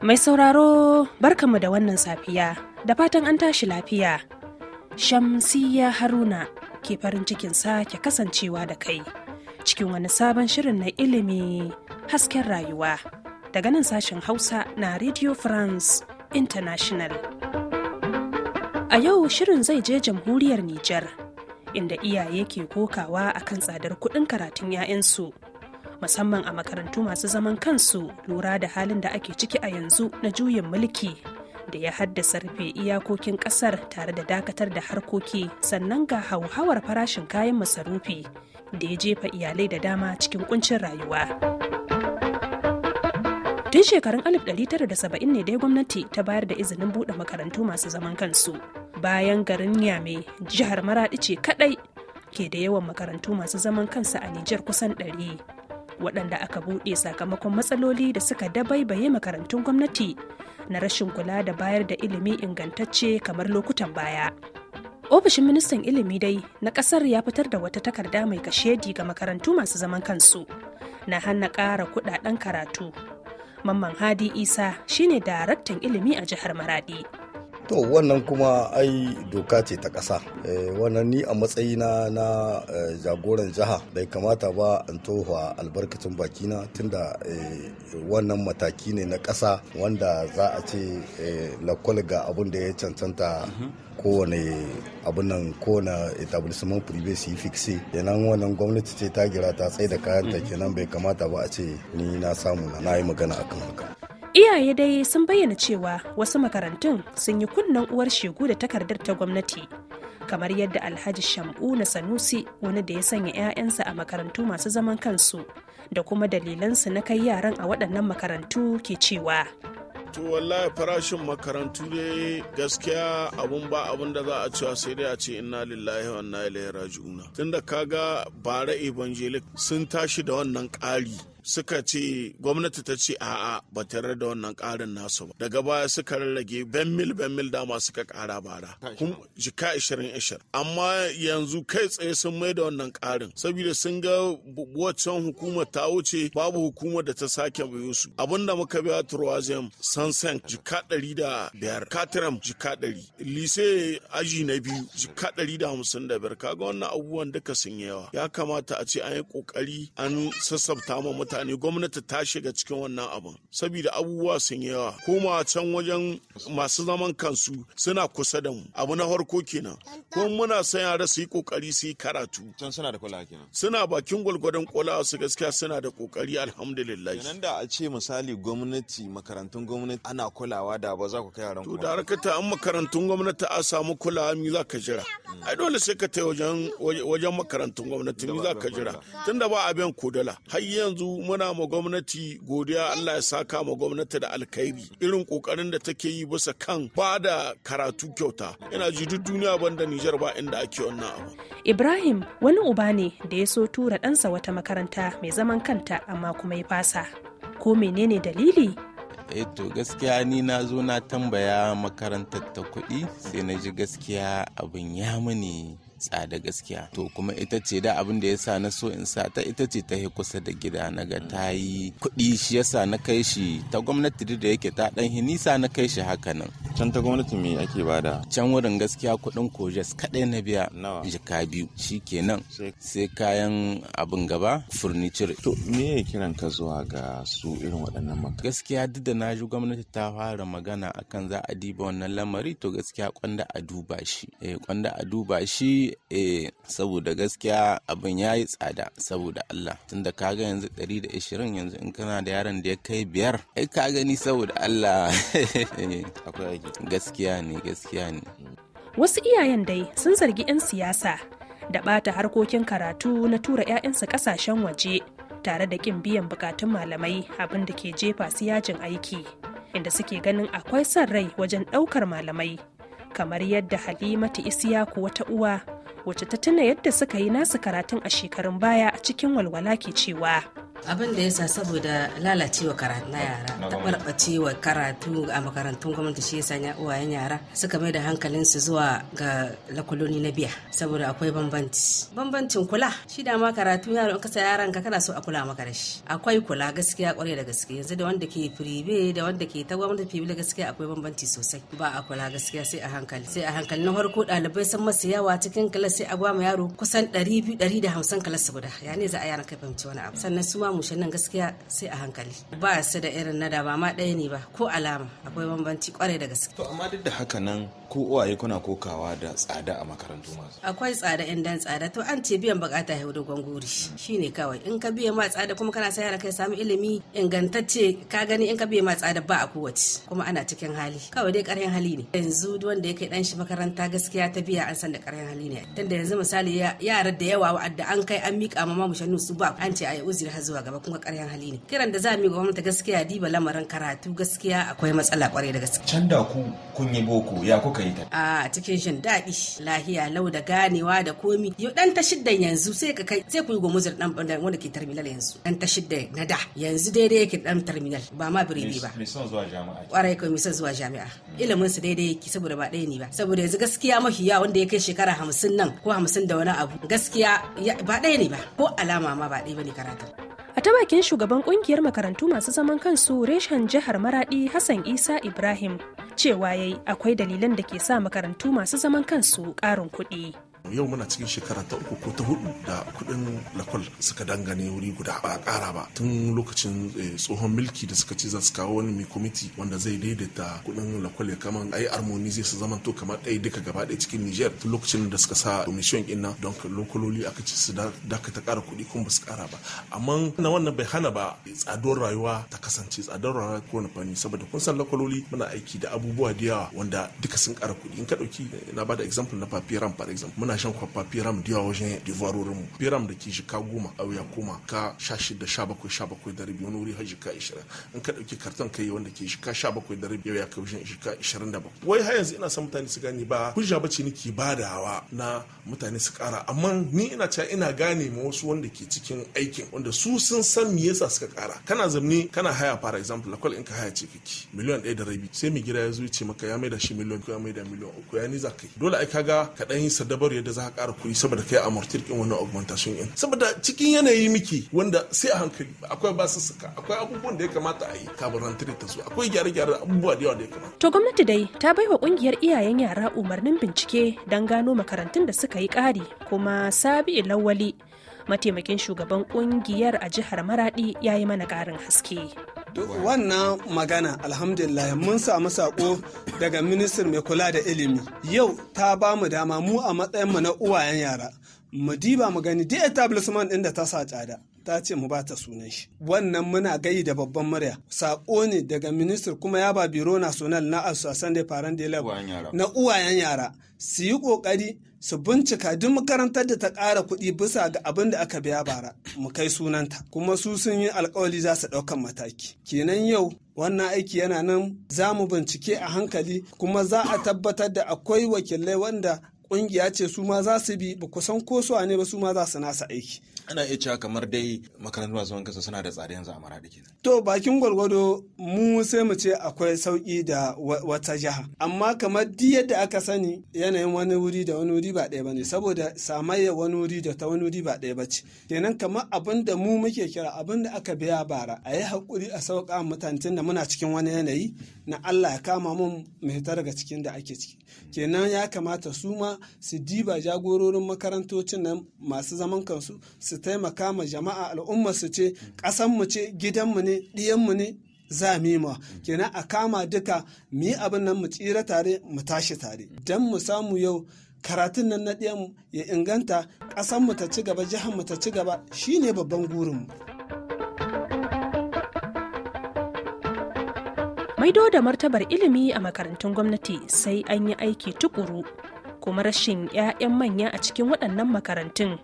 Mai sauraro barkamu da wannan safiya da fatan an tashi lafiya. shamsiya Haruna ke farin cikin sake kasancewa da kai cikin wani sabon shirin na ilimi hasken rayuwa daga nan sashen Hausa na Radio France International. A yau shirin zai je jamhuriyar Nijar inda iyaye ke kokawa akan tsadar kuɗin karatun 'ya'yansu. musamman a makarantu masu zaman kansu lura da halin da ake ciki a yanzu na juyin mulki da ya haddasa rufe iyakokin kasar tare da dakatar da harkoki sannan ga hauhawar farashin kayan masarufi da ya jefa iyalai da dama cikin kuncin rayuwa. Tun shekarun 1970 ne dai gwamnati ta bayar da izinin buɗe makarantu masu zaman kansu. Bayan garin Yame, jihar Maraɗi ce kaɗai ke da yawan makarantu masu zaman kansa a Nijar kusan ɗari. waɗanda aka buɗe sakamakon matsaloli da suka dabaibaye makarantun gwamnati na rashin kula da bayar da ilimi ingantacce kamar lokutan baya. Ofishin ministan ilimi dai na ƙasar ya fitar da wata takarda mai kashedi ga makarantu masu zaman kansu na hana ƙara kuɗaɗen karatu. Mamman Hadi Isa shine daraktan ilimi a jihar Maradi. to wannan kuma ai doka ce ta kasa eh, wannan ni a matsayina na eh, jagoran jiha bai kamata ba in tohuwa albarkacin bakina tunda eh, wannan mataki ne na kasa wanda za a ce lakwal ga abin da ya cancanta kowane abin nan kowane etablissement privé su yi fixe yanan wannan gwamnati ce ta gira ta tsaye da ta kenan bai kamata ba a ce ni na samu na yi magana akan haka iyaye dai sun bayyana cewa wasu makarantun sun yi kunnen uwar shegu da takardar ta gwamnati kamar yadda alhaji shamu na sanusi wani da ya sanya 'ya'yansa a makarantu masu zaman kansu da kuma dalilansu na kai yaran a waɗannan makarantu ke cewa to wallahi farashin makarantu ne gaskiya abun ba abun da za a cewa sai dai a ce inna lillahi wa inna ilaihi raji'un tunda kaga bara evangelic sun tashi da wannan ƙari suka ce gwamnati ta ce a'a ba ta da wannan karin nasu ba daga baya suka rarrage ben mil ben mil dama suka kara bara kun jika ishirin ishirin amma yanzu kai tsaye sun mai da wannan ƙarin saboda sun ga waccan hukumar ta wuce babu hukumar da ta sake biyo su abinda muka biya turwazem sansan jika ɗari da biyar katiram jika 100 lise aji na biyu jika 155 da kaga wannan abubuwan duka sun yawa ya kamata a ce an yi ƙoƙari an sassabta ma ne gwamnati ta shiga cikin wannan abin saboda abubuwa sun yawa koma can wajen masu zaman kansu suna kusa da mu abu na farko kenan ko muna son yara su yi kokari su yi karatu can suna da kula kenan suna bakin gwalgwadon kula su gaskiya suna da kokari alhamdulillah kenan da a ce misali gwamnati makarantun gwamnati ana kulawa da ba za ku kai yaran to da harkata an makarantun gwamnati a samu kulawa mi za ka jira mm. ai dole sai ka tai wajen wajen makarantun gwamnati mi za ka jira tunda ba abin kodala har yanzu muna ma gwamnati godiya Allah ya saka ma gwamnati da alkhairi irin kokarin da take yi bisa kan ba da karatu kyauta ina ji duk duniya banda Niger ba inda ake wannan abu Ibrahim wani uba ne da ya so tura ɗansa wata makaranta mai zaman kanta amma kuma ya fasa ko menene dalili eh to gaskiya ni na zo na tambaya makarantar ta kuɗi sai na ji gaskiya abin ya mani tsada gaskiya to kuma ita ce da abin da ya sa na so in sa ta ita ce ta yi kusa da gida na ga ta yi kuɗi shi ya sa na kai shi ta gwamnati da yake ta ɗan hinisa na kai shi haka nan can ta gwamnati me ake bada can wurin gaskiya kuɗin kojes kaɗai na biya jika biyu kenan sai kayan abin gaba furniture to me ya kiran ka zuwa ga su irin waɗannan makarantu gaskiya duk da na ji gwamnati ta fara magana akan za a diba wannan lamari to gaskiya kwanda a duba shi eh kwanda a duba shi eh saboda gaskiya abin ya yi tsada saboda Allah tunda kaga yanzu 120 yanzu in kana da yaron da ya kai biyar ai ka gani saboda Allah eh, akwai aiki gaskiya ne gaskiya ne wasu iyayen dai sun zargi 'yan siyasa da bata harkokin karatu na tura 'ya'yansa ƙasashen waje tare da ƙin biyan bukatun malamai abin da ke jefa su yajin aiki inda suke ganin akwai son rai wajen ɗaukar malamai kamar yadda halimatu isiyaku wata uwa wacce ta tuna yadda suka yi nasu karatun a shekarun baya a cikin walwala ke cewa abin da ya sa saboda lalacewa karatu na yara taɓarɓacewa karatu a makarantun gwamnati shi yasa ya uwayen yara suka mai da hankalinsu zuwa ga lakuloni na biya saboda akwai bambanci bambancin kula shi da ma karatu yaro in kasa yaran ka kana so a kula maka da shi akwai kula gaskiya kwarai da gaske yanzu da wanda ke firibe da wanda ke ta gwamnati firibe gaskiya akwai bambanci sosai ba a kula gaskiya sai a hankali sai a hankali na farko ɗalibai san masa yawa cikin kalas sai a gwama yaro kusan ɗari ɗari da hamsin kalas guda ya ne za a yaran kai fahimci wani abu sannan su ma ma nan gaskiya sai a hankali ba su da irin na da ba ma ɗaya ne ba ko alama akwai bambanci kwarai da gaske to amma duk da haka nan ko uwaye kuna kokawa da tsada a makarantu masu akwai tsada in dan tsada to an ce biyan bukata ya dogon guri shine kawai in ka biya ma tsada kuma kana sa kai samu ilimi ingantacce ka gani in ka biya ma tsada ba a kowace kuma ana cikin hali kawai dai karhin hali ne yanzu wanda ya kai dan shi makaranta gaskiya ta biya an san da karhin hali ne tunda yanzu misali yaran da yawa wa'adda an kai an mika ma mamushannu su ba an ce a yi uzuri har zuwa zuwa gaba kuma ƙaryan hali ne kiran da za mu yi gwamnati gaskiya diba lamarin karatu gaskiya akwai matsala kware da gaske can da ku kun yi boko ya kuka yi ta a cikin jin daɗi lahiya lau da ganewa da komi yau dan ta shiddan yanzu sai ka kai sai ku yi gomuzar dan wanda ke terminal yanzu dan ta shidda na da yanzu daidai yake dan terminal ba ma birebe ba son zuwa jami'a kwarai kai son zuwa jami'a ilimin su daidai yake saboda ba ɗaya ne ba saboda yanzu gaskiya mafi yawa wanda ya kai shekara hamsin nan ko hamsin da wani abu gaskiya ba ɗaya ne ba ko alama ma ba ɗaya ba ne karatu. a ta bakin shugaban kungiyar makarantu masu zaman kansu reshen jihar maradi hassan isa ibrahim cewa yayi akwai dalilan da ke sa makarantu masu zaman kansu karin kuɗi. yau muna cikin shekara ta uku ko ta hudu da kudin lakwal suka dangane wuri guda ba kara ba tun lokacin eh, tsohon milki da suka ce za su kawo wani mai kwamiti wanda zai daidaita kudin lakwal ya kama ai armoni zai su zama to kamar ɗaya duka gaba ɗaya cikin niger tun lokacin da suka sa commission ina don lokaloli aka ci su dakata kara kuɗi kuma ba su kara ba amma na wannan bai hana ba tsaduwar rayuwa ta kasance tsadar rayuwa ko na fanni saboda kun san lokaloli muna aiki da abubuwa da yawa wanda duka sun kara kuɗi in ka ɗauki eh, na ba da example na papiran for example muna shan kwabba firam da yawa wajen divarorin mu firam da ke jika goma a wuya koma ka sha shida sha bakwai sha bakwai da rabi wani wuri har jika ishirin in ka ɗauki karton ka yi wanda ke jika sha bakwai da rabi ya kai wajen jika ishirin da bakwai wai har yanzu ina son mutane su gane ba hujja ba da hawa. na mutane su ƙara amma ni ina ca ina gane ma wasu wanda ke cikin aikin wanda su sun san me yasa suka ƙara kana zamne kana haya fara example akwai in ka haya ce kake miliyan ɗaya da rabi sai mai gida ya zo ya ce maka ya maida shi miliyan ko ya maida miliyan uku ya ni za ka yi dole ai kaga ka ɗan yi sadabar yadda za ka ƙara kuɗi saboda kai amortir ɗin wannan augmentation ɗin saboda cikin yanayi miki wanda sai a hankali akwai basussuka akwai abubuwan da ya kamata a yi kafin rantar ta su akwai gyare-gyare abubuwa da yawa da ya kamata. to gwamnati dai ta bai wa ƙungiyar iyayen yara umarnin bincike don gano makarantun da suka yi ƙari kuma sabi lawali mataimakin shugaban ƙungiyar a jihar maradi ya yi mana ƙarin haske. wannan magana alhamdulillah mun samu sako daga ministir mai kula da ilimi yau ta ba mu dama mu a matsayin mu na uwayen yara mu diba mu gani duk establishment ɗin da ta sa tsada ta ce mu ba ta sunan shi wannan muna gayi da babban murya sako ne daga minister kuma ya ba biro national na association da parents da na uwayen yara su yi kokari su bincika duk makarantar da ta ƙara kuɗi bisa ga abin da aka biya bara mu kai sunanta kuma su sun yi alkawali za su ɗaukan mataki kenan yau wannan aiki yana nan za mu bincike a hankali kuma za a tabbatar da akwai wakilai wanda ƙungiya ce su ma za su bi ba kusan ko ne ba su ma za su nasa aiki ana iya cewa kamar dai makarantar masu zaman kasa suna da tsada yanzu a maraɗi kenan. To bakin gwalgwado mu sai mu ce akwai sauki da wata jiha. Amma kamar di yadda aka sani yanayin wani wuri da wani wuri ba ɗaya ba ne saboda samayya wani wuri da ta wani wuri ba ɗaya ba ce. Kenan kamar abin da mu muke kira abin da aka biya bara a yi hakuri a sauƙa mutane da muna cikin wani yanayi na Allah ya kama mun mu fita daga cikin da ake ciki. Kenan ya kamata su ma su diba jagororin makarantocin nan masu zaman kansu su taimaka ma jama'a al'ummar su ce ƙasan mu ce gidanmu ne ɗiyanmu ne za mu yi kenan a kama duka mu yi abin nan mu tsira tare mu tashi tare dan mu samu yau karatun nan na ɗiyanmu ya inganta mu ta ci gaba mu ta ci gaba shine babban mu. maido da martabar ilimi a makarantun gwamnati sai an yi aiki tukuru kuma rashin 'ya'yan manya a cikin waɗannan makarantun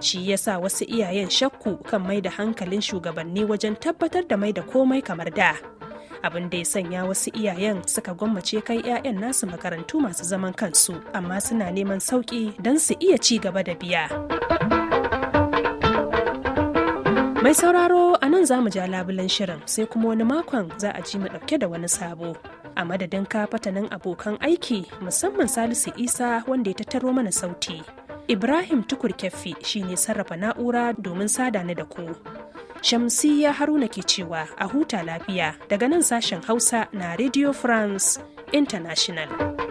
shi ya sa wasu iyayen shakku kan mai da hankalin shugabanni wajen tabbatar da mai da komai kamar da abin da ya sanya wasu iyayen suka gwammace kai 'ya'yan nasu makarantu masu zaman kansu amma suna neman sauƙi don su iya ci gaba da biya mai sauraro a nan za mu ja labulan shirin sai kuma wani makon za a ji mu ɗauke da wani sabo a madadin ka fatanin abokan aiki musamman salisu isa wanda ya tattaro mana sauti Ibrahim Tukur Keffi shine sarrafa na'ura domin sada ni da ku. Shamsiyya Haruna ke cewa a huta lafiya daga nan sashen Hausa na Radio France International.